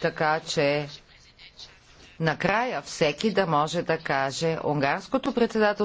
така че накрая всеки да може да каже унгарското председателство